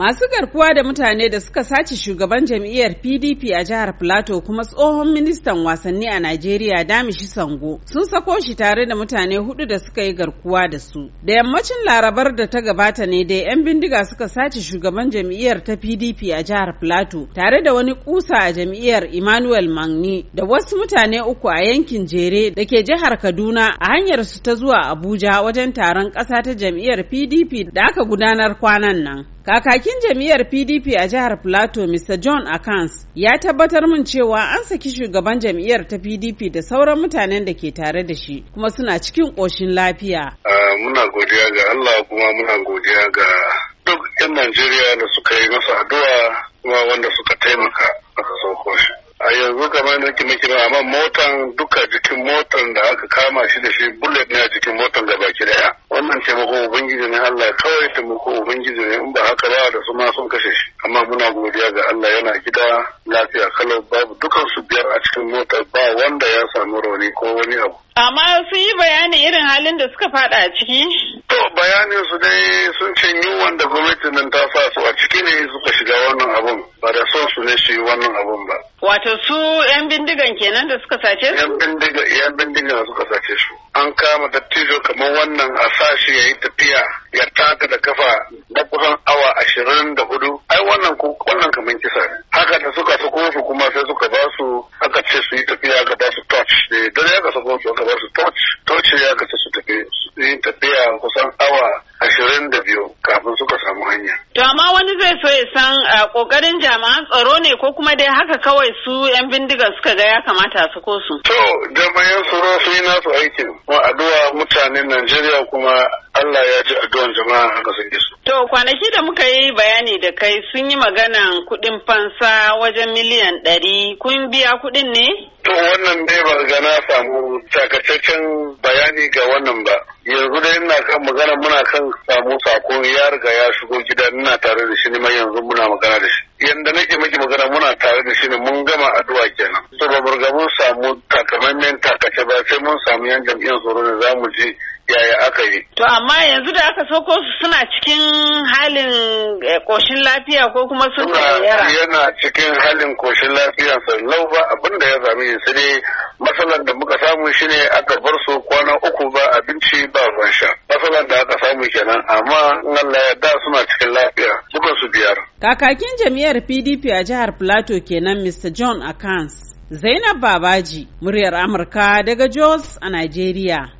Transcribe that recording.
Masu garkuwa da mutane da suka sace shugaban jam'iyyar PDP a jihar Plateau kuma tsohon ministan wasanni a Najeriya Damishi Sango sun sako shi tare da mutane hudu da suka yi garkuwa da su. Da yammacin larabar da ta gabata ne da 'yan bindiga suka sace shugaban jam'iyyar ta PDP a jihar Plateau tare da wani kusa a jam'iyyar Emmanuel Magni da wasu mutane uku a yankin Jere da ke jihar Kaduna a hanyar su ta zuwa Abuja wajen taron ƙasa ta jam'iyyar PDP da aka gudanar kwanan nan. Kakaki Kakakin jam'iyyar PDP a jihar Plateau Mr. John Akans ya tabbatar min cewa an saki shugaban jam'iyyar ta PDP da sauran mutanen da ke tare da shi kuma suna cikin ƙoshin lafiya. Ah, muna godiya ga Allah kuma muna godiya ga duk 'yan Najeriya da suka yi masa addu'a kuma wanda suka taimaka masa sauko shi. A yanzu kamar na kima kima amma motan duka jikin motan da aka kama shi da shi bullet ne a jikin motan gaba ki daya. Wannan taimako Ubangiji ne Allah kawai taimako su ma sun kashe shi amma muna godiya ga Allah yana gida lafiya kalau babu dukan su biyar a cikin mota ba wanda ya samu rauni ko wani abu amma sun yi bayani irin halin da suka fada a ciki to bayanin su dai sun ce yunwan da gwamnati nan ta sa su a ciki ne suka shiga wannan abun ba da son su ne su wannan abun ba wato su yan bindigan kenan da suka sace su yan bindiga yan bindigan suka sace su an kama dattijo kamar wannan a sashi yayi tafiya ya taka da kafa na kusan awa ashirin da hudu ai wannan wannan kamar kisa ne haka da suka sako su kuma sai suka ba su aka ce su yi tafiya aka ba su touch ne eh, ya ka sako su aka ba su touch touch ya ka ce su tafi su yi tafiya kusan awa ashirin da biyu kafin suka samu hanya. To amma wani zai so ya san kokarin jami'an tsaro ne ko kuma dai haka kawai su 'yan bindiga suka ga ya kamata su ko su. To jami'an tsaro sun yi nasu aikin. addu'a mutanen Najeriya kuma Allah ya ji addu'an jama'a a ƙasar Gisu. To kwanaki da muka yi bayani da kai sun yi maganan kuɗin fansa wajen miliyan ɗari kun biya kuɗin ne? To wannan dai ba ga na samu takataccen bayani ga wannan ba. Yanzu dai ina kan magana muna kan samu sako ya riga ya shigo gida ina tare da shi ne yanzu muna magana da shi. Yanda nake miki magana muna tare da shi ne mun gama addu'a kenan. To ba mun samu takamaimen takace ba sai mun samu yan jam'iyyar tsoro ne za mu je yaya aka yi. To amma yanzu da aka sauko su suna cikin halin koshin eh, lafiya ko kuma sun yara. Yana cikin halin koshin lafiya sannan ba abin da ya sami su ne matsalar da muka samu shi ne aka bar su kwana uku ba abinci ba ruwan sha. Matsalar da aka samu kenan amma Allah ya da suna cikin lafiya dukan su biyar. Kakakin jam'iyyar PDP a jihar Plateau kenan Mr. John Akans. Zainab Babaji, muryar Amurka daga Jos a Najeriya.